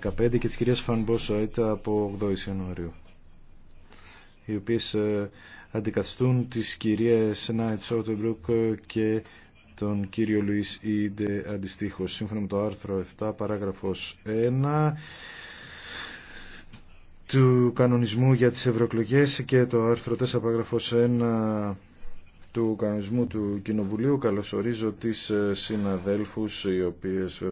15 και της κυρίας ήταν από 8 Ιανουαρίου οι οποίες ε, αντικαθιστούν τις κυρίες Νάιτ Σότεμπρουκ και τον κύριο Λουίς Ιντε αντιστοίχως. Σύμφωνα με το άρθρο 7 παράγραφος 1 του κανονισμού για τις ευρωεκλογέ και το άρθρο 4 παράγραφος 1 του κανονισμού του Κοινοβουλίου καλωσορίζω τις ε, συναδέλφους οι οποίες ε,